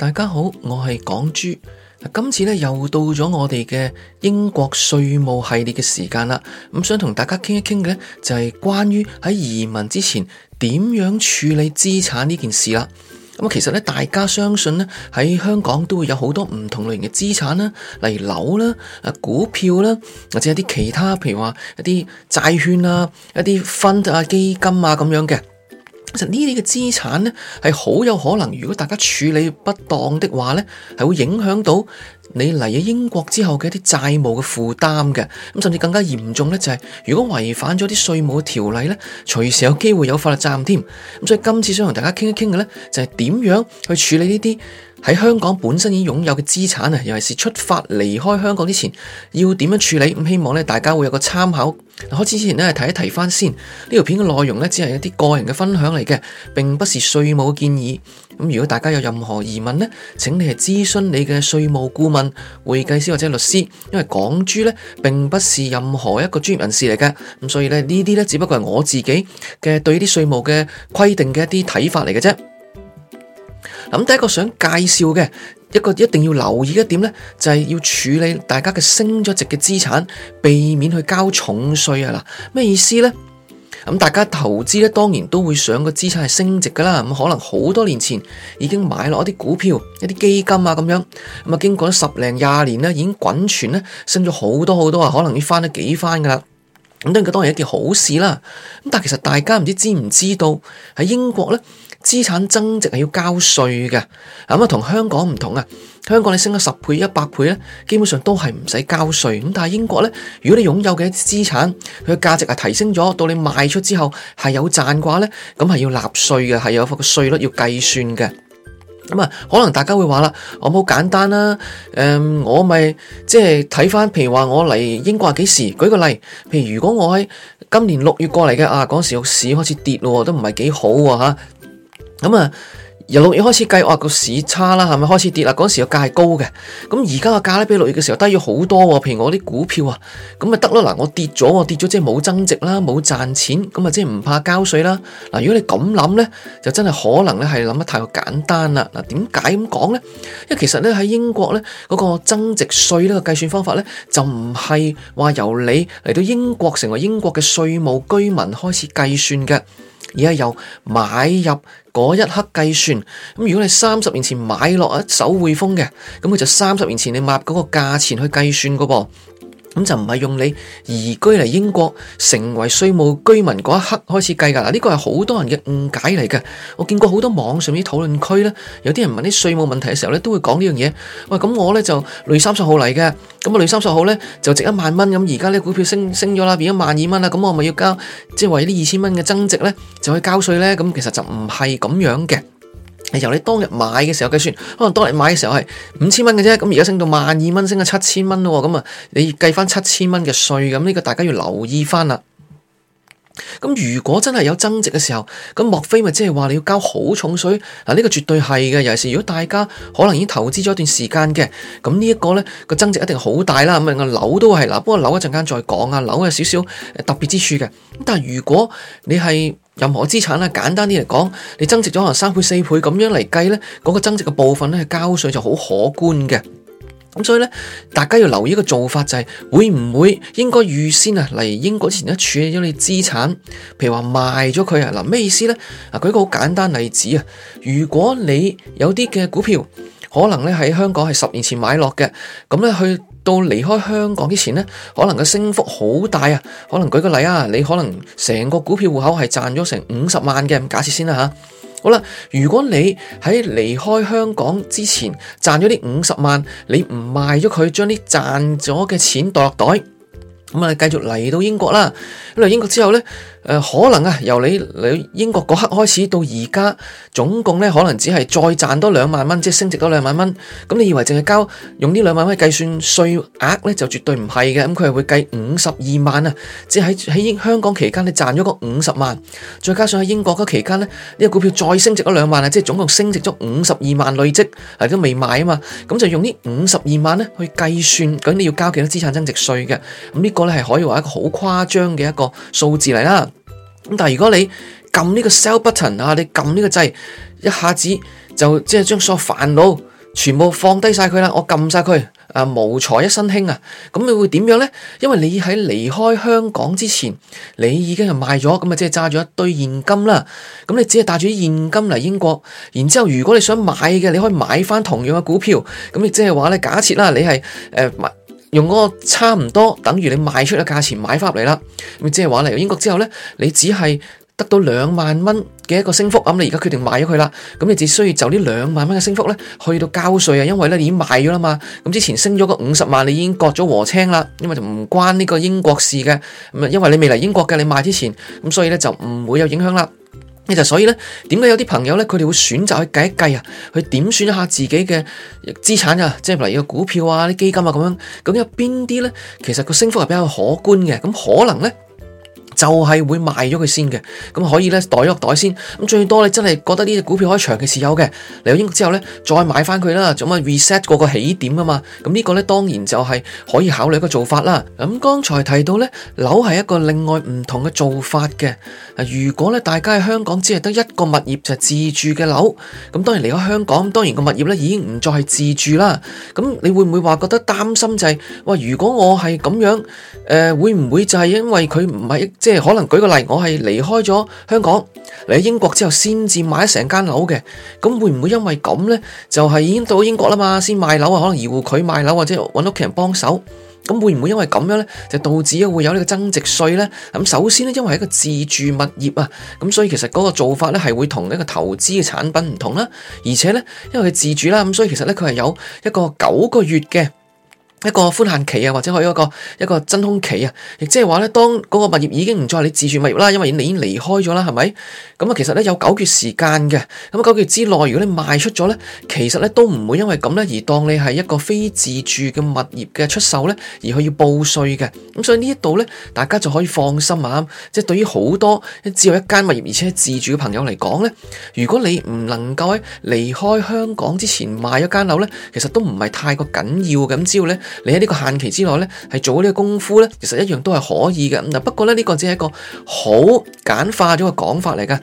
大家好，我係港珠。今次咧，又到咗我哋嘅英國稅務系列嘅時間啦。咁想同大家傾一傾嘅咧，就係關於喺移民之前點樣處理資產呢件事啦。咁其實咧，大家相信呢，喺香港都會有好多唔同類型嘅資產啦，例如樓啦、啊股票啦，或者一啲其他，譬如話一啲債券啊、一啲 fund 啊基金啊咁樣嘅。其實呢啲嘅資產呢，係好有可能，如果大家處理不當的話呢係會影響到你嚟咗英國之後嘅一啲債務嘅負擔嘅。咁甚至更加嚴重呢，就係，就係如果違反咗啲稅務條例呢，隨時有機會有法律責任添。咁所以今次想同大家傾一傾嘅呢，就係點樣去處理呢啲。喺香港本身已擁有嘅資產啊，尤其是出發離開香港之前，要點樣處理？希望大家會有個參考。開始之前咧，提一提返先，這條的內呢條片嘅內容咧，只係一啲個人嘅分享嚟嘅，並不是稅務建議。如果大家有任何疑問呢，請你去諮詢你嘅稅務顧問、會計師或者律師，因為港豬咧並不是任何一個專業人士嚟嘅。咁所以咧，這些呢啲咧只不過係我自己嘅對啲稅務嘅規定嘅一啲睇法嚟嘅啫。咁第一個想介紹嘅一個一定要留意嘅點呢，就係要處理大家嘅升咗值嘅資產，避免去交重稅啊！嗱，咩意思呢？咁大家投資呢，當然都會想個資產係升值噶啦。咁可能好多年前已經買落一啲股票、一啲基金啊，咁樣咁啊，經過十零廿年呢，已經滾存呢，升咗好多好多啊，可能要翻得幾翻噶啦。咁當然佢當然一件好事啦。咁但其實大家唔知知唔知道喺英國呢。資產增值係要交稅嘅，咁啊同香港唔同啊。香港你升咗十倍、一百倍咧，基本上都係唔使交稅。咁但係英國咧，如果你擁有嘅資產，佢嘅價值係提升咗，到你賣出之後係有賺嘅話咧，咁係要納稅嘅，係有個稅率要計算嘅。咁、嗯、啊，可能大家會話啦，我冇簡單啦。誒、嗯，我咪即係睇翻，譬如話我嚟英國係幾時？舉個例，譬如如果我喺今年六月過嚟嘅啊，嗰時個市開始跌咯，都唔係幾好吓。啊咁啊，由六月開始計啊，個市差啦，係咪開始跌啦？嗰時個價係高嘅，咁而家個價咧比六月嘅時候低咗好多喎。譬如我啲股票啊，咁咪得咯。嗱，我跌咗，跌咗即係冇增值啦，冇賺錢，咁啊即係唔怕交稅啦。嗱，如果你咁諗咧，就真係可能咧係諗得太過簡單啦。嗱，點解咁講咧？因為其實咧喺英國咧，嗰個增值稅呢個計算方法咧，就唔係話由你嚟到英國成為英國嘅稅務居民開始計算嘅，而係由買入。嗰一刻計算，如果你三十年前買落一手匯豐嘅，咁佢就三十年前你抹嗰個價錢去計算個噃。咁就唔係用你移居嚟英國成為稅務居民嗰一刻開始計噶，嗱呢個係好多人嘅誤解嚟嘅。我見過好多網上啲討論區咧，有啲人問啲稅務問題嘅時候咧，都會講呢樣嘢。喂，咁我咧就累三十號嚟嘅，咁啊累三十號咧就值一萬蚊，咁而家咧股票升升咗啦，變咗萬二蚊啦，咁我咪要交，即係話呢二千蚊嘅增值咧，就去交稅咧？咁其實就唔係咁樣嘅。由你當日買嘅時候計算，可能當日買嘅時候係五千蚊嘅啫，咁而家升到萬二蚊，升咗七千蚊咯，咁啊，你計翻七千蚊嘅稅咁，呢個大家要留意翻啦。咁如果真係有增值嘅時候，咁莫非咪即係話你要交好重稅？嗱，呢個絕對係嘅，尤其是如果大家可能已經投資咗一段時間嘅，咁呢一個咧個增值一定好大啦。咁啊，樓都係啦，不過樓一陣間再講啊，樓有少少特別之處嘅。但係如果你係，任何資產啊，簡單啲嚟講，你增值咗可能三倍四倍咁樣嚟計咧，嗰、那個增值嘅部分咧，交稅就好可觀嘅。咁所以咧，大家要留意一個做法就係、是、會唔會應該預先啊嚟英國前一處理咗你資產，譬如話賣咗佢啊。嗱，咩意思咧？嗱，舉個好簡單例子啊，如果你有啲嘅股票可能咧喺香港係十年前買落嘅，咁咧去。到離開，離開香港之前呢，可能個升幅好大啊！可能舉個例啊，你可能成個股票戶口係賺咗成五十萬嘅，咁假設先啦嚇。好啦，如果你喺離開香港之前賺咗啲五十萬，你唔賣咗佢，將啲賺咗嘅錢袋落袋，咁啊繼續嚟到英國啦。咁嚟英國之後呢？呃、可能啊，由你英國嗰刻開始到而家，總共呢可能只係再賺多兩萬蚊，即係升值多兩萬蚊。咁你以為淨係交用呢兩萬蚊去計算稅額呢，就絕對唔係嘅。咁佢係會計五十二萬啊，即係喺香港期間你賺咗個五十萬，再加上喺英國嗰期間呢，呢、這個股票再升值咗兩萬啊，即係總共升值咗五十二萬累積，啊、都未賣啊嘛。咁、嗯、就用呢五十二萬呢去計算，咁你要交幾多資產增值稅嘅？咁、嗯、呢、這個呢，係可以話一個好誇張嘅一個數字嚟啦。但如果你撳呢個 sell button 啊，你撳呢個掣，一下子就即係將所有煩惱全部放低晒佢啦，我撳晒佢啊，無財一身輕啊！咁你會點樣呢？因為你喺離開香港之前，你已經係賣咗，咁啊即係揸咗一堆現金啦。咁你只係帶住啲現金嚟英國，然之後如果你想買嘅，你可以買翻同樣嘅股票。咁亦即係話呢，假設啦，你係誒。用嗰個差唔多等於你賣出嘅價錢買翻嚟啦，咁即係話嚟英國之後呢，你只係得到兩萬蚊嘅一個升幅，咁你而家決定賣咗佢啦，咁你只需要就呢兩萬蚊嘅升幅呢，去到交稅啊，因為呢已經賣咗啦嘛，咁之前升咗個五十萬你已經割咗禾青啦，咁咪就唔關呢個英國事嘅，咁啊因為你未嚟英國嘅，你賣之前，咁所以呢，就唔會有影響啦。所以呢，點解有啲朋友呢，佢哋會選擇去計一計啊，去點算一下自己嘅資產啊，即係例如股票啊、基金啊咁樣，咁有邊啲呢？其實個升幅係比較可觀嘅，咁可能呢。就係會賣咗佢先嘅，咁可以呢，袋一袋先。咁最多你真係覺得呢隻股票可以長期持有嘅，嚟到英國之後呢，再買翻佢啦，做乜 reset 個個起點啊嘛？咁呢個呢，當然就係可以考慮一個做法啦。咁剛才提到呢，樓係一個另外唔同嘅做法嘅。如果呢，大家喺香港只係得一個物業就係、自住嘅樓，咁當然嚟到香港，當然個物業呢已經唔再係自住啦。咁你會唔會話覺得擔心就係、是、喂，如果我係咁樣，誒、呃、會唔會就係因為佢唔係即？即係可能舉個例，我係離開咗香港嚟咗英國之後，先至買咗成間樓嘅，咁會唔會因為咁呢？就係已經到英國啦嘛，先賣樓啊，可能移戶佢賣樓或者搵屋企人幫手，咁會唔會因為咁樣呢？就導致會有呢個增值稅呢？咁首先呢，因為係一個自住物業啊，咁所以其實嗰個做法呢，係會同呢個投資嘅產品唔同啦，而且呢，因為佢自住啦，咁所以其實呢，佢係有一個九個月嘅。一個寬限期啊，或者可一個一個真空期啊，亦即係話咧，當嗰個物業已經唔再係你自住物業啦，因為你已經離開咗啦，係咪？咁啊，其實咧有九個月時間嘅，咁九個月之內，如果你賣出咗咧，其實咧都唔會因為咁咧而當你係一個非自住嘅物業嘅出售咧，而去要報稅嘅。咁所以呢一度咧，大家就可以放心啊，即係對於好多只有一間物業而且自住嘅朋友嚟講咧，如果你唔能夠喺離開香港之前賣一間樓咧，其實都唔係太過緊要嘅，咁只要咧，你喺呢個限期之內咧，係做呢個功夫咧，其實一樣都係可以嘅。不過咧呢、呢個只係一個好簡化咗嘅講法嚟噶，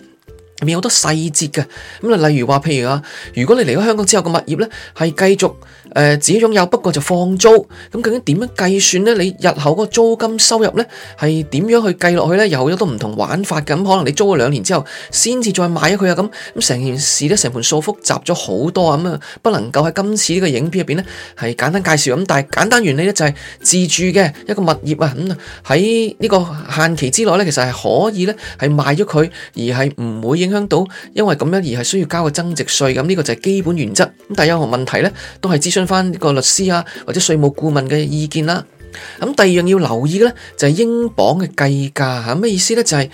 裏面有好多細節嘅。咁例如話，譬如啊，如果你離開香港之後嘅物業呢，係繼續。誒、呃、自己擁有，不過就放租。咁究竟點樣計算咧？你日後嗰個租金收入咧，係點樣去計落去咧？有好多唔同玩法咁、嗯、可能你租咗兩年之後，先至再賣咗佢啊！咁咁成件事咧，成盤數複雜咗好多啊！咁、嗯、啊，不能夠喺今次呢個影片入邊咧，係簡單介紹咁、嗯。但係簡單原理咧就係、是、自住嘅一個物業啊，咁喺呢個限期之內咧，其實係可以咧係賣咗佢，而係唔會影響到，因為咁樣而係需要交個增值稅咁。呢、嗯這個就係基本原則。咁但係任何問題咧，都係諮詢。翻個律師啊，或者稅務顧問嘅意見啦。咁第二樣要留意嘅呢，就係英鎊嘅計價吓，咩意思呢？就係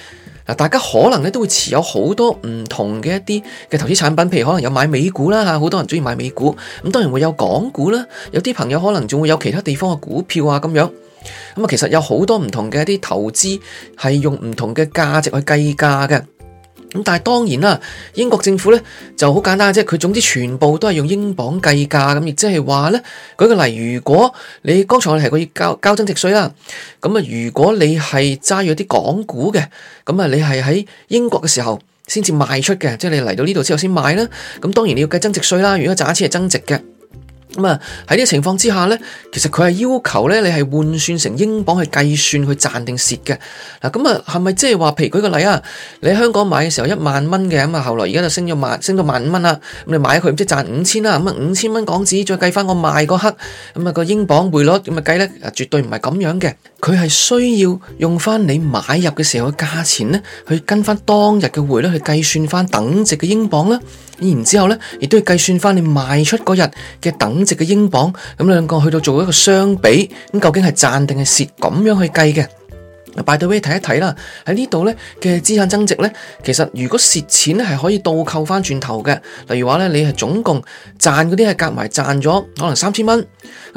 嗱，大家可能咧都會持有好多唔同嘅一啲嘅投資產品，譬如可能有買美股啦吓，好多人中意買美股。咁當然會有港股啦，有啲朋友可能仲會有其他地方嘅股票啊咁樣。咁啊，其實有好多唔同嘅一啲投資係用唔同嘅價值去計價嘅。但係當然啦，英國政府咧就好簡單嘅，即係佢總之全部都係用英鎊計價咁，亦即係話咧，舉個例，如果你剛才我提過要交交增值稅啦，咁啊如果你係揸住啲港股嘅，咁啊你係喺英國嘅時候先至賣出嘅，即係你嚟到呢度之後先賣啦。咁當然你要計增值稅啦，如果揸錢係增值嘅。咁啊，喺呢個情況之下呢，其實佢係要求咧，你係換算成英鎊去計算去賺定蝕嘅。嗱，咁啊，係咪即係話？譬如舉個例啊，你喺香港買嘅時候一萬蚊嘅，咁啊，後來而家就升咗萬，升到萬五蚊啦。咁你買佢即係賺五千啦，咁啊，五千蚊港紙再計翻我賣嗰刻，咁啊個英鎊匯率咁啊計呢？啊絕對唔係咁樣嘅。佢係需要用翻你買入嘅時候嘅價錢呢，去跟翻當日嘅匯率去計算翻等值嘅英鎊呢。然之後呢，亦都要計算返你賣出嗰日嘅等值嘅英鎊，咁兩個去到做一個相比，咁究竟係賺定係蝕，咁樣去計嘅。嗱，by the way 你睇一睇啦，喺呢度咧嘅資產增值咧，其實如果蝕錢咧係可以倒扣翻轉頭嘅。例如話咧，你係總共賺嗰啲係夾埋賺咗可能三千蚊，咁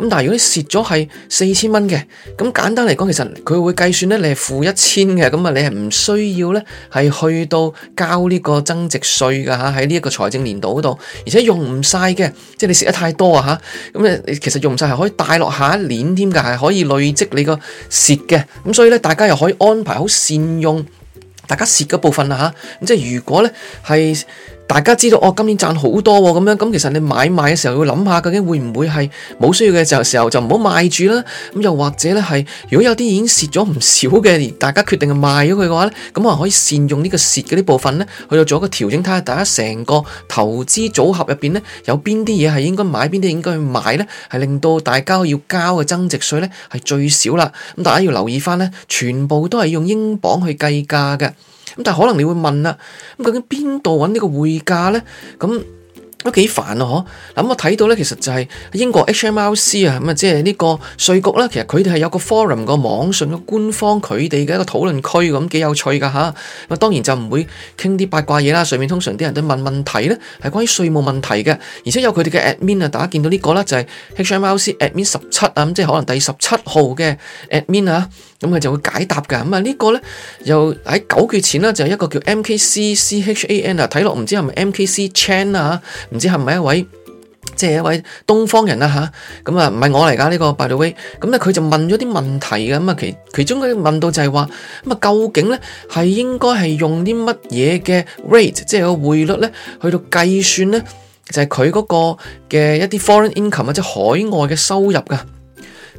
但係如果你蝕咗係四千蚊嘅，咁簡單嚟講，其實佢會計算咧你係負一千嘅，咁啊你係唔需要咧係去到交呢個增值稅嘅嚇，喺呢一個財政年度嗰度，而且用唔晒嘅，即係你蝕得太多啊嚇，咁你其實用唔晒係可以帶落下，下一年添㗎，係可以累積你個蝕嘅，咁所以咧大家。又可以安排好善用大家蝕嘅部分啦嚇，咁、啊、即係如果咧係。大家知道哦，今年賺好多喎，咁樣咁其實你買賣嘅時候要諗下，究竟會唔會係冇需要嘅時候，時候就唔好賣住啦。咁又或者咧，係如果有啲已經蝕咗唔少嘅，而大家決定係賣咗佢嘅話咧，咁我可，可以善用呢個蝕嘅啲部分咧，去到做一個調整，睇下大家成個投資組合入邊咧，有邊啲嘢係應該買，邊啲應該去賣咧，係令到大家要交嘅增值稅咧係最少啦。咁大家要留意翻咧，全部都係用英鎊去計價嘅。咁但係可能你會問啦，咁究竟邊度揾呢個匯價呢？咁都幾煩啊，嗬！嗱，我睇到咧，呢，其實就係英國 HMRC 啊，咁啊，即係呢個稅局咧，其實佢哋係有個 forum 個網上嘅官方佢哋嘅一個討論區咁，幾有趣噶吓。咁當然就唔會傾啲八卦嘢啦。上面通常啲人都問問題呢，係關於稅務問題嘅，而且有佢哋嘅 admin 啊，大家見到呢、這個啦，就係、是、HMRC admin 十七啊，咁即係可能第十七號嘅 admin 啊。咁佢就會解答嘅，咁啊呢個咧又喺九月前啦，就係一個叫 M K C C H A N 啊，睇落唔知係咪 M K C Chan 啊，唔知係咪一位即係一位東方人啊。吓？咁啊唔係我嚟噶呢個 by the way 咁咧佢就問咗啲問題嘅，咁啊其其中咧問到就係話，咁啊究竟咧係應該係用啲乜嘢嘅 rate 即係個匯率咧去到計算咧，就係佢嗰個嘅一啲 foreign income 啊，即係海外嘅收入噶。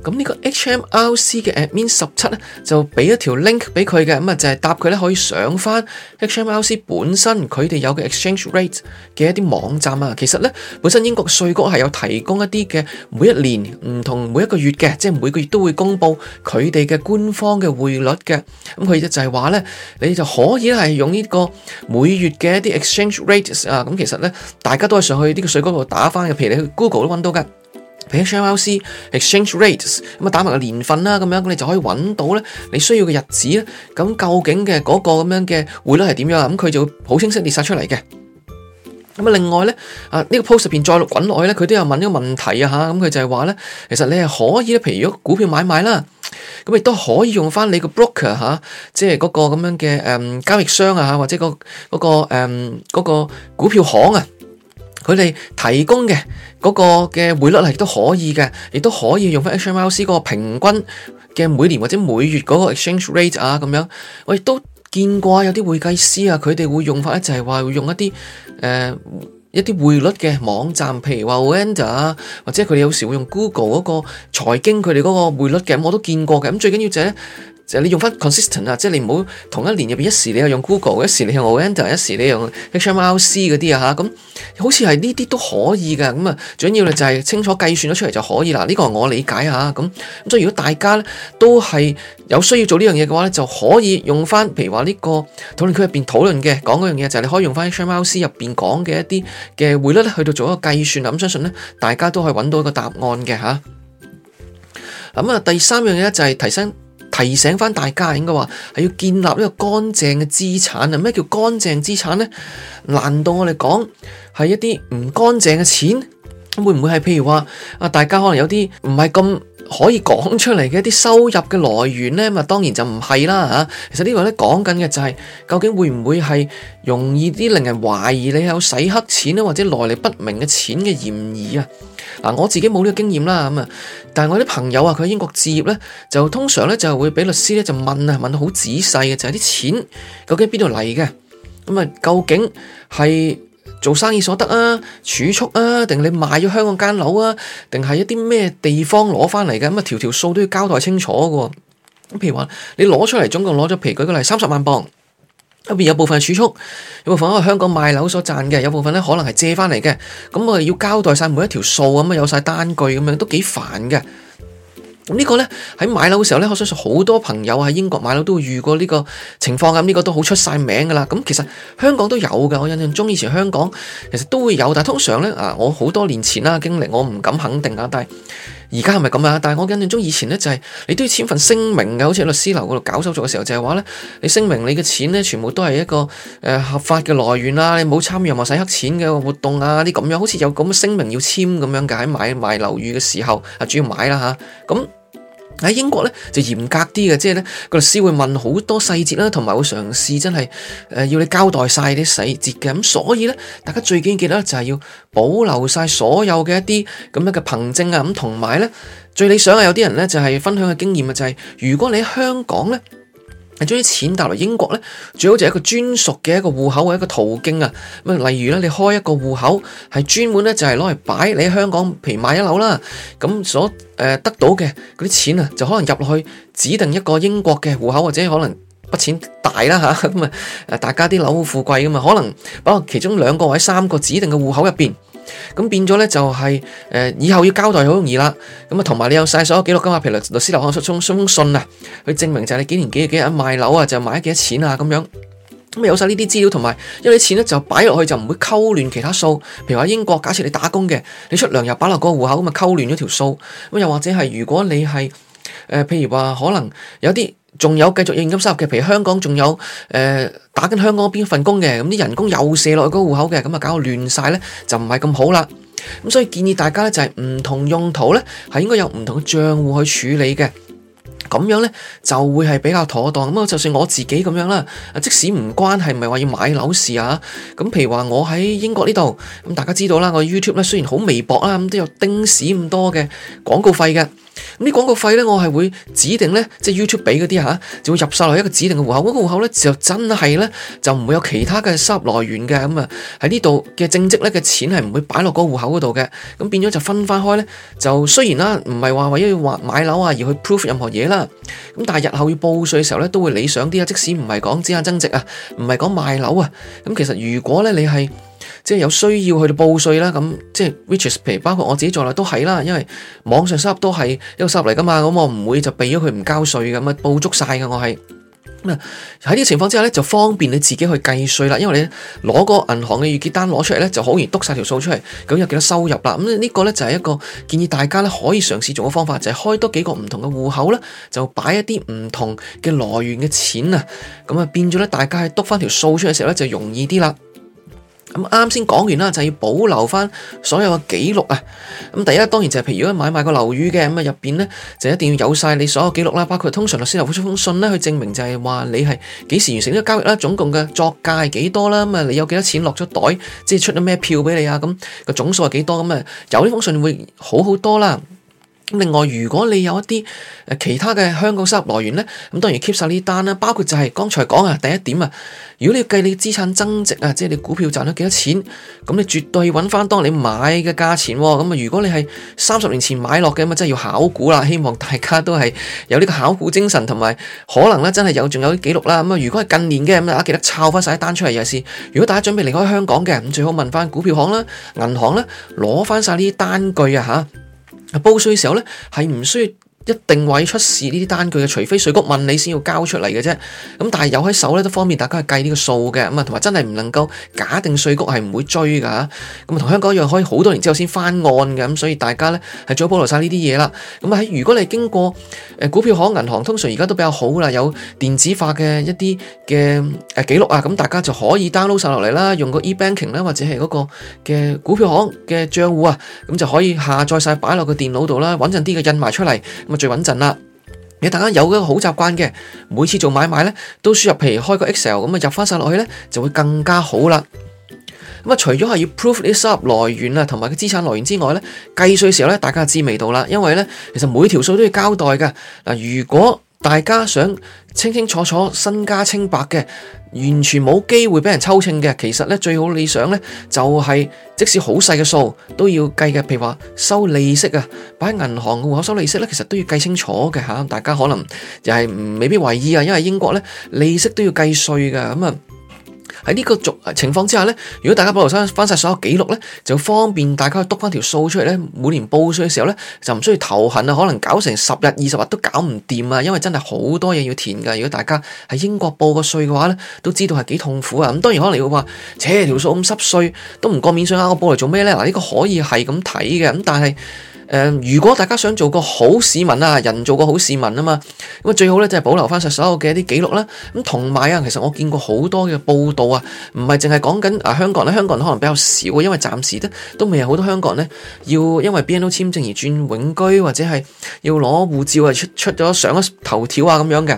咁呢個 HMRC 嘅 admin 十七呢，就俾一條 link 俾佢嘅，咁、嗯、啊就係、是、答佢咧可以上翻 HMRC 本身佢哋有嘅 exchange rate 嘅一啲網站啊。其實呢，本身英國稅局係有提供一啲嘅每一年唔同每一個月嘅，即係每個月都會公佈佢哋嘅官方嘅匯率嘅。咁佢嘅就係話呢，你就可以係用呢個每月嘅一啲 exchange rate 啊。咁、嗯、其實呢，大家都係上去啲個稅局度打翻嘅，譬如你去 Google 都揾到噶。HMRC exchange rates 咁啊，打埋個年份啦，咁樣咁你就可以揾到咧你需要嘅日子咧。咁究竟嘅嗰個咁樣嘅匯率係點樣啊？咁佢就會好清晰列晒出嚟嘅。咁啊，另外咧啊，呢、呢個 post 入邊再滾落去咧，佢都有問呢個問題啊嚇。咁佢就係話咧，其實你係可以咧，譬如一個股票買賣啦，咁亦都可以用翻你個 broker 嚇、啊，即係嗰個咁樣嘅誒、嗯、交易商啊嚇，或者、嗰個嗰、嗰個嗰、嗯嗰個股票行啊。佢哋提供嘅嗰個嘅匯率係亦都可以嘅，亦都可以用翻 HMRC 嗰個平均嘅每年或者每月嗰個 exchange rate 啊咁樣，我亦都見過有啲會計師啊，佢哋會用法呢就係話會用一啲誒、呃、一啲匯率嘅網站，譬如話 OANDA 啊，或者佢哋有時會用 Google 嗰個財經佢哋嗰個匯率嘅，我都見過嘅。咁最緊要就係咧。你用翻 consistent 啊，即係你唔好同一年入邊一時你又用 Google，一時你用 Oanda 一時你用 HMRC 嗰啲啊，吓、嗯、咁，好似係呢啲都可以嘅，咁、嗯、啊，最緊要咧就係清楚計算咗出嚟就可以啦。呢個我理解啊，咁、嗯、咁，所以如果大家都係有需要做呢樣嘢嘅話咧，就可以用翻，譬如話呢個討論區入邊討論嘅，講嗰樣嘢就係、你、可以用翻 HMRC 入邊講嘅一啲嘅匯率去到做一個計算咁、嗯、相信咧，大家都可以揾到一個答案嘅吓。咁啊、嗯，第三樣嘢就係提升。提醒翻大家應該，應該話係要建立一個乾淨嘅資產啊！咩叫乾淨資產呢？難道我哋講係一啲唔乾淨嘅錢？會唔會係譬如話啊？大家可能有啲唔係咁可以講出嚟嘅一啲收入嘅來源呢？咁啊，當然就唔係啦吓。其實呢個咧講緊嘅就係、是，究竟會唔會係容易啲令人懷疑你有洗黑錢啊，或者來歷不明嘅錢嘅嫌疑啊？嗱，我自己冇呢個經驗啦，咁啊，但係我啲朋友啊，佢喺英國置業咧，就通常咧就會俾律師咧就問啊，問到好仔細嘅，就係啲錢究竟邊度嚟嘅，咁啊，究竟係做生意所得啊，儲蓄啊，定你賣咗香港間樓啊，定係一啲咩地方攞翻嚟嘅，咁啊，條條數都要交代清楚嘅。咁譬如話，你攞出嚟總共攞咗譬如舉個例三十萬鎊。入面有部分係儲蓄，有部分喺香港賣樓所賺嘅，有部分咧可能係借翻嚟嘅。咁我哋要交代晒每一條數，咁啊，有晒單據，咁樣都幾煩嘅。咁呢個咧喺買樓嘅時候咧，我相信好多朋友喺英國買樓都會遇過呢個情況啊。咁呢個都好出晒名噶啦。咁其實香港都有噶，我印象中以前香港其實都會有，但係通常咧啊，我好多年前啦經歷，我唔敢肯定啊，但係。而家係咪咁啊？但係我印象中以前呢，就係、是、你都要簽份聲明嘅，好似律師樓嗰度搞手續嘅時候就係話呢：「你聲明你嘅錢呢，全部都係一個誒、呃、合法嘅來源啦、啊，你冇參與任何洗黑錢嘅活動啊，啲咁樣好似有咁嘅聲明要簽咁樣嘅。」喺買賣樓宇嘅時候啊，主要買啦吓、啊。喺英國咧就嚴格啲嘅，即係咧個律師會問好多細節啦，同埋會嘗試真係誒、呃、要你交代晒啲細節嘅，咁所以咧大家最緊要記得咧就係要保留晒所有嘅一啲咁樣嘅憑證啊，咁同埋咧最理想嘅有啲人咧就係、是、分享嘅經驗啊、就是，就係如果你喺香港咧。係將啲錢帶嚟英國咧，最好就係一個專屬嘅一個戶口嘅一個途徑啊！例如咧，你開一個戶口，係專門咧就係攞嚟擺你喺香港，譬如賣一樓啦，咁所誒得到嘅嗰啲錢啊，就可能入落去指定一個英國嘅戶口，或者可能。筆錢大啦嚇，咁啊，大家啲樓好富貴噶嘛，可能包括其中兩個或者三個指定嘅戶口入邊，咁變咗咧就係誒以後要交代好容易啦。咁啊，同埋你有晒所有記錄噶嘛，譬如律律師留喎出充一封信啊，去證明就係你幾年幾月幾日賣樓啊，就賣咗幾多錢啊咁樣。咁有晒呢啲資料，同埋因為啲錢咧就擺落去就唔會溝亂其他數。譬如話英國，假設你打工嘅，你出糧又擺落個戶口咁啊，溝亂咗條數。咁又或者係如果你係誒，譬如話可能有啲。仲有繼續有現金收入嘅，譬如香港仲有誒、呃、打緊香港邊份工嘅，咁啲人工又射落去嗰個戶口嘅，咁啊，搞到亂晒咧，就唔係咁好啦。咁所以建議大家咧就係唔同用途咧，係應該有唔同嘅賬戶去處理嘅，咁樣咧就會係比較妥當。咁啊，就算我自己咁樣啦，即使唔關係，咪係話要買樓事啊，咁譬如話我喺英國呢度，咁大家知道啦，我 YouTube 咧雖然好微薄啦，咁都有丁屎咁多嘅廣告費嘅。咁啲廣告費咧，我係會指定咧，即係 YouTube 俾嗰啲吓，就會入晒落一個指定嘅戶口。嗰、那個戶口咧就真係咧就唔會有其他嘅收入來源嘅。咁啊喺呢度嘅正職咧嘅錢係唔會擺落嗰個戶口嗰度嘅。咁變咗就分返開咧。就雖然啦，唔係話為咗要話買樓啊而去 proof 任何嘢啦。咁但係日後要報稅嘅時候咧，都會理想啲啊。即使唔係講資產增值啊，唔係講賣樓啊。咁其實如果咧你係。即係有需要去到報稅啦，咁即係 which is pay，包括我自己在內都係啦，因為網上收入都係一個收入嚟噶嘛，咁我唔會就避咗佢唔交稅咁啊，報足晒嘅我係咁啊，喺呢個情況之下呢，就方便你自己去計稅啦，因為你攞個銀行嘅預結單攞出嚟呢，就好容易篤晒條數出嚟，究竟有幾多收入啦，咁、嗯、呢、呢個呢，就係、是、一個建議大家呢，可以嘗試做嘅方法，就係、是、開多幾個唔同嘅戶口呢，就擺一啲唔同嘅來源嘅錢啊，咁啊變咗呢，大家去篤翻條數出嚟嘅時候呢，就容易啲啦。咁啱先講完啦，就係要保留翻所有嘅記錄啊！咁第一，當然就係譬如如果買賣個樓宇嘅，咁啊入邊咧，就一定要有晒你所有記錄啦，包括通常律師會出封信咧，去證明就係話你係幾時完成呢個交易啦，總共嘅作價係幾多啦，咁啊你有幾多錢落咗袋，即係出咗咩票畀你啊，咁個總數係幾多咁啊？有呢封信會好好多啦。另外，如果你有一啲其他嘅香港收入來源呢，咁當然 keep 曬呢單啦。包括就係剛才講嘅第一點啊，如果你計你資產增值啊，即係你股票賺咗幾多錢，咁你絕對揾翻當你買嘅價錢。咁啊，如果你係三十年前買落嘅，咁啊真係要考古啦。希望大家都係有呢個考古精神，同埋可能呢真係有仲有啲記錄啦。咁啊，如果係近年嘅，咁大家記得抄翻曬啲單出嚟又係。如果大家準備離開香港嘅，咁最好問翻股票行啦、銀行啦，攞翻曬呢啲單據啊嚇。報稅嘅時候咧，係唔需要。一定會出示呢啲單據嘅，除非稅局問你先要交出嚟嘅啫。咁但係有喺手咧都方便，大家係計呢個數嘅咁啊。同埋真係唔能夠假定稅局係唔會追㗎。咁啊，同香港一樣，可以好多年之後先翻案嘅。咁所以大家咧係最好保留晒呢啲嘢啦。咁啊，喺如果你係經過股票行、銀行，通常而家都比較好啦，有電子化嘅一啲嘅誒記錄啊。咁大家就可以 download 晒落嚟啦，用個 e banking 啦，bank ing, 或者係嗰個嘅股票行嘅賬戶啊，咁就可以下載晒擺落個電腦度啦，穩陣啲嘅印埋出嚟。最穩陣啦！你大家有一個好習慣嘅，每次做買賣咧，都輸入譬如開個 Excel 咁啊，入翻晒落去咧，就會更加好啦。咁啊，除咗係要 proof 呢啲收入來源啦，同埋嘅資產來源之外咧，計稅時候咧，大家就知味道啦。因為咧，其實每條數都要交代噶嗱，如果。大家想清清楚楚身家清白嘅，完全冇機會俾人抽秤嘅。其實咧，最好理想咧就係，即使好細嘅數都要計嘅。譬如話收利息啊，擺喺銀行戶口收利息咧，其實都要計清楚嘅吓。大家可能又係未必為意啊，因為英國咧利息都要計稅嘅咁啊。喺呢個情況之下呢，如果大家保留翻曬所有記錄呢，就方便大家去督翻條數出嚟，呢每年報稅嘅時候呢就唔需要頭痕啊，可能搞成十日二十日都搞唔掂啊，因為真係好多嘢要填噶。如果大家喺英國報個稅嘅話呢都知道係幾痛苦啊。咁當然可能你會話，扯、呃、條數咁濕碎，都唔過免稅額，我報嚟做咩呢？嗱，呢個可以係咁睇嘅，咁但係。如果大家想做個好市民啊，人做個好市民啊嘛，咁啊最好咧，就係保留翻晒所有嘅一啲記錄啦。咁同埋啊，其實我見過好多嘅報道啊，唔係淨係講緊啊香港咧，香港人可能比較少，因為暫時咧都未有好多香港人咧要因為 BNO 簽證而轉永居或者係要攞護照啊，出出咗上咗頭條啊咁樣嘅。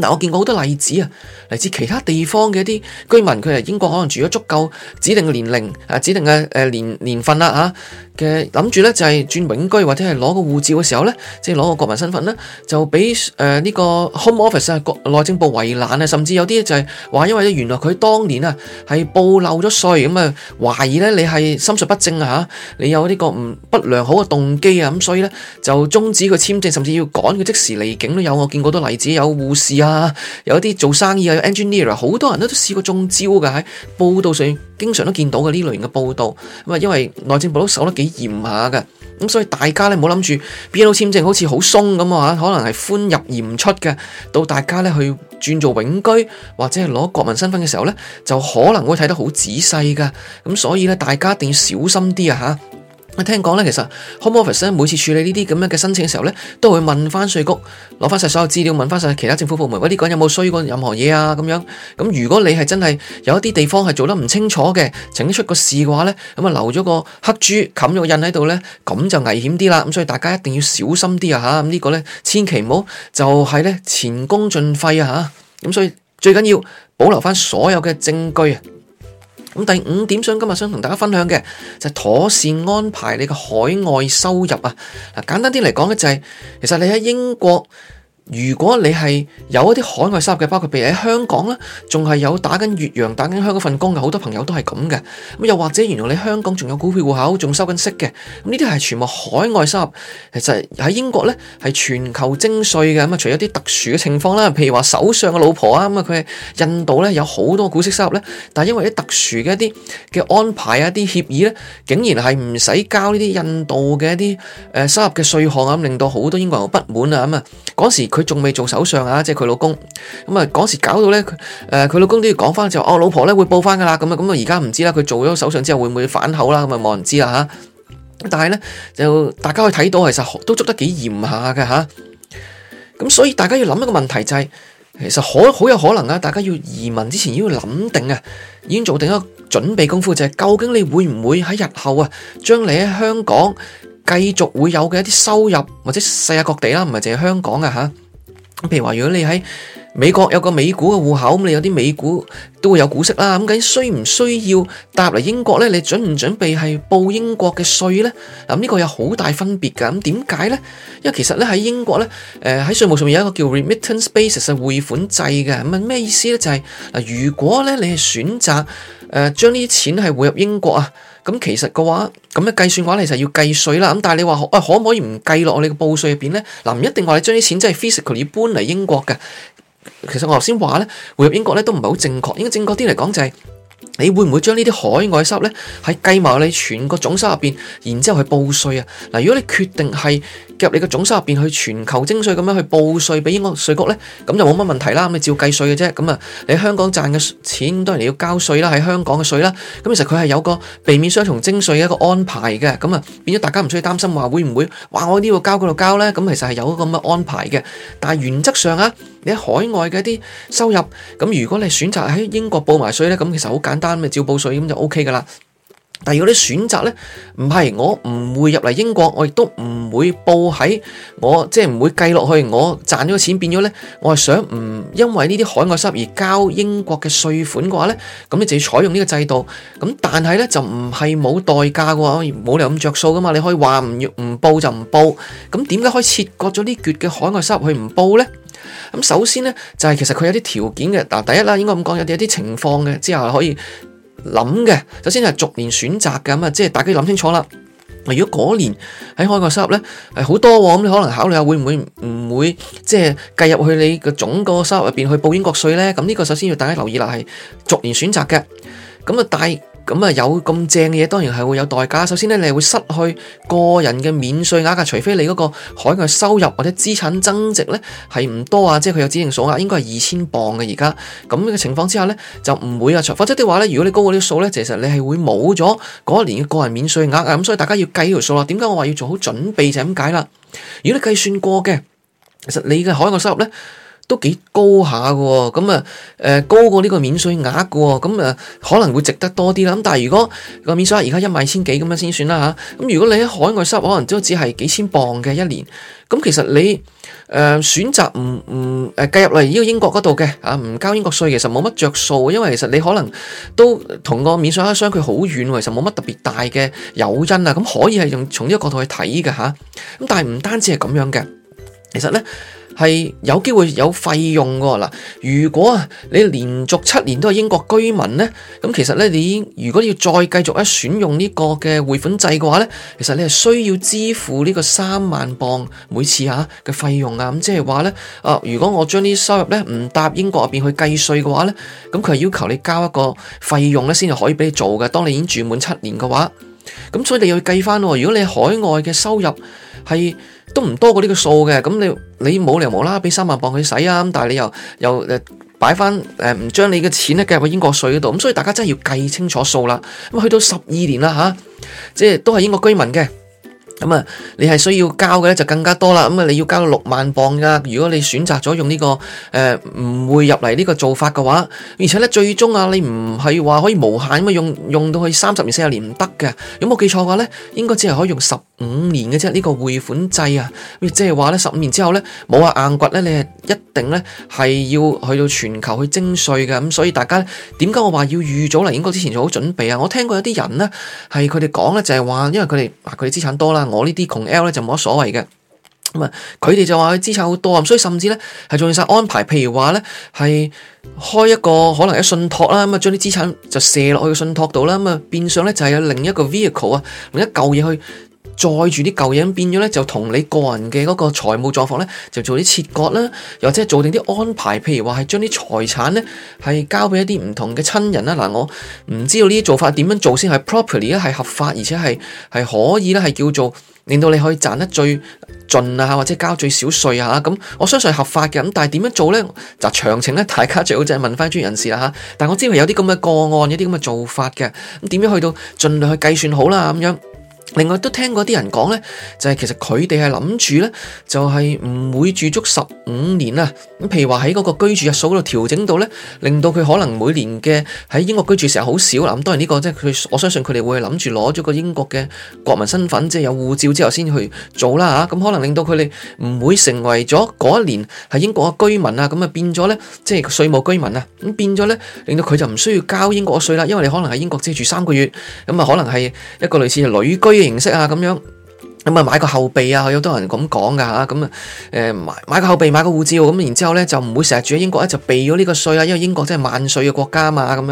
嗱，我見過好多例子啊。嚟自其他地方嘅一啲居民，佢嚟英國可能住咗足夠指定嘅年齡啊，指定嘅誒年年份啦嚇嘅，諗住咧就係轉永居或者係攞個護照嘅時候咧，即係攞個國民身份咧，就俾誒呢個 Home Office 啊，國內政部為難啊，甚至有啲就係話，因為咧原來佢當年啊係報漏咗稅，咁啊懷疑咧你係心術不正啊吓，你有呢個唔不良好嘅動機啊，咁所以咧就終止佢簽證，甚至要趕佢即時離境都有。我見過好多例子，有護士啊，有一啲做生意啊。Engineer 好多人都試過中招嘅，喺報道上，經常都見到嘅呢類型嘅報道。咁啊，因為內政部都守得幾嚴下嘅，咁所以大家呢，唔好諗住 BNO 簽證好似好鬆咁啊，可能係寬入嚴出嘅。到大家呢，去轉做永居或者攞國民身份嘅時候呢，就可能會睇得好仔細嘅。咁所以呢，大家一定要小心啲啊嚇！我聽講咧，其實 Home Office 咧每次處理呢啲咁樣嘅申請嘅時候咧，都會問翻稅局，攞翻晒所有資料，問翻晒其他政府部門，嗰啲，呢個人有冇衰過任何嘢啊？咁樣，咁如果你係真係有一啲地方係做得唔清楚嘅，曾經出過事嘅話咧，咁啊留咗個黑豬冚咗個印喺度咧，咁就危險啲啦。咁所以大家一定要小心啲啊！嚇，咁呢個咧千祈唔好就係咧前功盡廢啊！嚇，咁所以最緊要保留翻所有嘅證據啊！第五點，想今日想同大家分享嘅就係妥善安排你嘅海外收入啊！嗱，簡單啲嚟講咧，就係其實你喺英國。如果你係有一啲海外收入嘅，包括譬如喺香港啦，仲係有打緊越洋、打緊香港份工嘅，好多朋友都係咁嘅。咁又或者原來你香港仲有股票戶口，仲收緊息嘅。咁呢啲係全部海外收入。其實喺英國咧係全球徵稅嘅。咁啊，除咗啲特殊嘅情況啦，譬如話首相嘅老婆啊，咁啊佢係印度咧有好多股息收入咧，但係因為啲特殊嘅一啲嘅安排啊、啲協議咧，竟然係唔使交呢啲印度嘅一啲誒收入嘅稅項啊，令到好多英國人不滿啊。咁啊時。佢仲未做首相啊，即係佢老公咁啊。嗰、嗯、時搞到咧，誒、呃，佢老公都要講翻就話：，哦，老婆咧會報翻噶啦。咁、嗯、啊，咁啊，而家唔知啦。佢做咗首相之後會唔會反口啦？咁、嗯、啊，冇人知啦吓。但係咧，就大家可以睇到，其實都捉得幾嚴下嘅吓。咁所以大家要諗一個問題就係、是，其實可好有可能啊。大家要移民之前要諗定啊，已經做定一個準備功夫，就係、是、究竟你會唔會喺日後啊，將你喺香港繼續會有嘅一啲收入，或者世界各地啦，唔係淨係香港啊。吓。譬如話，如果你喺美國有個美股嘅戶口，咁你有啲美股都會有股息啦。咁究竟需唔需要搭嚟英國咧？你準唔準備係報英國嘅稅咧？嗱，呢個有好大分別㗎。咁點解咧？因為其實咧喺英國咧，誒喺稅務上面有一個叫 remittance basis 嘅匯款制嘅。咁咩意思咧？就係嗱，如果咧你係選擇誒將呢啲錢係匯入英國啊。咁其實嘅話，咁嘅計算嘅話，你實要計稅啦。咁但係你話，誒可唔可以唔計落我哋嘅報稅入邊咧？嗱，唔一定話你將啲錢真係 physically 要搬嚟英國嘅。其實我頭先話咧，匯入英國咧都唔係好正確。應該正確啲嚟講就係、是，你會唔會將呢啲海外收入咧喺計埋你全個總收入入邊，然之後去報稅啊？嗱，如果你決定係，入你嘅總收入入邊去全球徵稅咁樣去報稅俾英國稅局呢，咁就冇乜問題啦，咁咪照計稅嘅啫。咁啊，你，你香港賺嘅錢當然你要交稅啦，喺香港嘅稅啦。咁其實佢係有個避免雙重徵稅嘅一個安排嘅。咁啊，變咗大家唔需要擔心話會唔會，話我呢度交嗰度交呢。咁其實係有一個咁嘅安排嘅。但係原則上啊，你喺海外嘅一啲收入，咁如果你選擇喺英國報埋稅呢，咁其實好簡單，咪照報稅咁就 OK 噶啦。第二嗰啲選擇咧，唔係我唔會入嚟英國，我亦都唔會報喺我即係唔會計落去。我賺咗嘅錢變咗咧，我係想唔因為呢啲海外收入而交英國嘅稅款嘅話咧，咁你就要採用呢個制度。咁但係咧就唔係冇代價嘅可喎，冇你咁着數噶嘛。你可以話唔要唔報就唔報。咁點解可以切割咗呢橛嘅海外收入去唔報咧？咁首先咧就係、是、其實佢有啲條件嘅嗱，第一啦，應該咁講，有啲有啲情況嘅之後可以。諗嘅，首先係逐年選擇嘅，咁啊，即係大家諗清楚啦。如果嗰年喺外國收入咧係好多咁，你可能考慮下會唔會唔會即係計入去你個總個收入入邊去報英國稅咧，咁呢個首先要大家留意啦，係逐年選擇嘅，咁啊大。咁啊，有咁正嘅嘢，當然係會有代價。首先咧，你係會失去個人嘅免稅額噶，除非你嗰個海外收入或者資產增值咧係唔多啊，即係佢有指定數額，應該係二千磅嘅。而家咁嘅情況之下咧，就唔會啊。否則的話咧，如果你高嗰啲數咧，其實你係會冇咗嗰一年嘅個人免稅額啊。咁所以大家要計條數啦。點解我話要做好準備就係咁解啦。如果你計算過嘅，其實你嘅海外收入咧，都幾高下嘅喎，咁、嗯、啊，誒、呃、高過呢個免稅額嘅喎，咁、嗯、啊可能會值得多啲啦。咁但係如果個免稅額而家一萬千幾咁樣先算啦嚇。咁、啊嗯、如果你喺海外收入，可能都只係幾千磅嘅一年。咁、嗯、其實你誒、呃、選擇唔唔誒計入嚟呢個英國嗰度嘅啊，唔交英國稅，其實冇乜着數，因為其實你可能都同個免稅額相距好遠，其實冇乜特別大嘅誘因啊。咁、嗯、可以係用從呢個角度去睇嘅嚇。咁、啊、但係唔單止係咁樣嘅，其實咧。係有機會有費用㗎嗱，如果啊你連續七年都係英國居民咧，咁其實咧你如果要再繼續一選用呢個嘅匯款制嘅話咧，其實你係需要支付呢個三萬磅每次嚇嘅費用，就是、啊，咁即係話咧，啊如果我將啲收入咧唔搭英國入邊去計稅嘅話咧，咁佢要求你交一個費用咧先係可以俾你做嘅，當你已經住滿七年嘅話，咁所以你要計翻，如果你海外嘅收入。係都唔多過呢個數嘅，咁你你冇理由無啦，畀三萬磅佢使啊，咁但係你又又誒擺翻誒唔將你嘅錢咧計入去英國稅嗰度，咁所以大家真係要計清楚數啦。咁去到十二年啦吓、啊，即係都係英國居民嘅。咁啊、嗯，你係需要交嘅咧就更加多啦。咁、嗯、啊，你要交六萬磅噶。如果你選擇咗用呢、這個誒唔會入嚟呢個做法嘅話，而且咧最終啊，你唔係話可以無限咁啊用用到去三十年四十年唔得嘅。有、嗯、冇記錯嘅話咧，應該只係可以用十五年嘅啫。呢、這個匯款制啊，即係話咧，十五年之後咧冇啊硬骨咧，你係一定咧係要去到全球去徵稅嘅。咁、嗯、所以大家點解我話要預早嚟，英國之前做好準備啊？我聽過有啲人咧係佢哋講咧就係話，因為佢哋啊佢哋資產多啦。我呢啲窮 L 咧就冇乜所謂嘅，咁啊佢哋就話佢資產好多啊，所以甚至咧係仲要晒安排，譬如話咧係開一個可能有信託啦，咁啊將啲資產就射落去個信託度啦，咁啊變相咧就係、是、有另一個 vehicle 啊，另一舊嘢去。載住啲舊嘢咁變咗咧，就同你個人嘅嗰個財務狀況咧，就做啲切割啦，又或者做定啲安排。譬如話係將啲財產咧係交俾一啲唔同嘅親人啦。嗱、啊，我唔知道呢啲做法點樣做先係 properly，係合法而且係係可以咧，係叫做令到你可以賺得最盡啊，或者交最少稅啊。咁、嗯、我相信係合法嘅。咁但係點樣做咧？就詳情咧，大家最好就問翻專業人士啦吓、啊。但我知係有啲咁嘅個案，有啲咁嘅做法嘅。咁、啊、點樣去到盡量去計算好啦，咁樣。另外都聽過啲人講呢就係其實佢哋係諗住呢，就係唔會住足十五年啦。咁譬如話喺嗰個居住日數嗰度調整到呢，令到佢可能每年嘅喺英國居住時間好少啦。咁當然呢個即係佢，我相信佢哋會係諗住攞咗個英國嘅國民身份，即係有護照之後先去做啦嚇。咁可能令到佢哋唔會成為咗嗰一年係英國嘅居民啊。咁啊變咗呢，即係稅務居民啊。咁變咗呢，令到佢就唔需要交英國嘅稅啦。因為你可能喺英國只係住三個月，咁啊可能係一個類似旅居。形式啊，咁樣。咁啊買個後備啊，有好多人咁講噶嚇，咁啊誒買買個後備買個護照，咁然之後咧就唔會成日住喺英國咧，就避咗呢個稅啊，因為英國真係萬稅嘅國家嘛，咁樣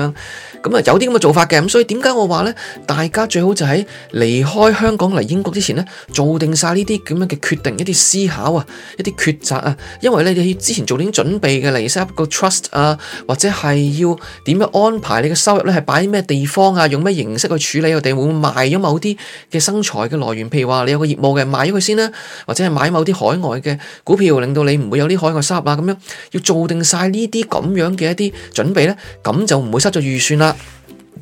咁啊有啲咁嘅做法嘅，咁所以點解我話咧，大家最好就喺離開香港嚟英國之前咧，做定晒呢啲咁樣嘅決定，一啲思考啊，一啲抉擇啊，因為你哋之前做啲準備嘅，嚟 set up 個 trust 啊，或者係要點樣安排你嘅收入咧，係擺啲咩地方啊，用咩形式去處理，我哋會，會賣咗某啲嘅生財嘅來源，譬如話你。個業務嘅買咗佢先啦，或者係買某啲海外嘅股票，令到你唔會有啲海外收入咁樣，要做定晒呢啲咁樣嘅一啲準備呢，咁就唔會失咗預算啦。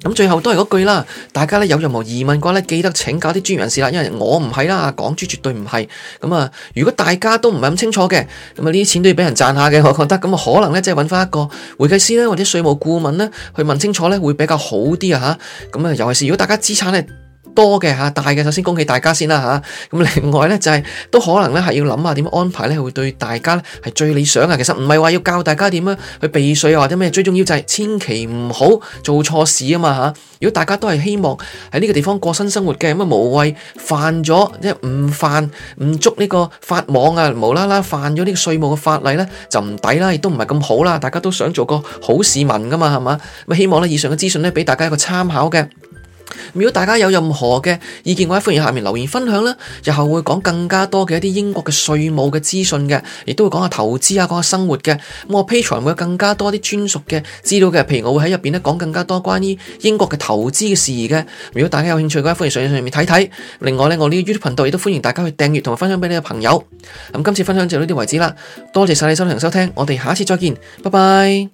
咁最後都係嗰句啦，大家呢有任何疑問嘅話呢，記得請教啲專業人士啦，因為我唔係啦，港豬絕對唔係。咁啊，如果大家都唔係咁清楚嘅，咁啊呢啲錢都要俾人賺下嘅，我覺得咁啊可能呢，即係揾翻一個會計師呢，或者稅務顧問呢，去問清楚呢會比較好啲啊吓。咁啊，尤其是如果大家資產咧。.多嘅嚇，大嘅首先恭喜大家先啦吓，咁、啊、另外咧就係、是、都可能咧係要諗下點樣安排咧，會對大家咧係最理想啊。其實唔係話要教大家點樣啊去避稅啊或者咩，最重要就係千祈唔好做錯事嘛啊嘛吓，如果大家都係希望喺呢個地方過新生活嘅，咁啊無謂犯咗即係唔犯唔捉呢個法網啊，無啦啦犯咗呢個稅務嘅法例咧就唔抵啦，亦都唔係咁好啦。大家都想做個好市民噶嘛，係嘛？咁希望咧以上嘅資訊咧俾大家一個參考嘅。如果大家有任何嘅意見，或者歡迎下面留言分享啦。日後會講更加多嘅一啲英國嘅稅務嘅資訊嘅，亦都會講下投資啊，講下生活嘅。咁我 Patreon 會有更加多啲專屬嘅資料嘅，譬如我會喺入邊咧講更加多關於英國嘅投資嘅事宜嘅。如果大家有興趣嘅，歡迎上上面睇睇。另外咧，我呢個 YouTube 頻道亦都歡迎大家去訂閱同埋分享俾你嘅朋友。咁今次分享就到呢啲為止啦。多謝晒你收聽收聽，我哋下次再見，拜拜。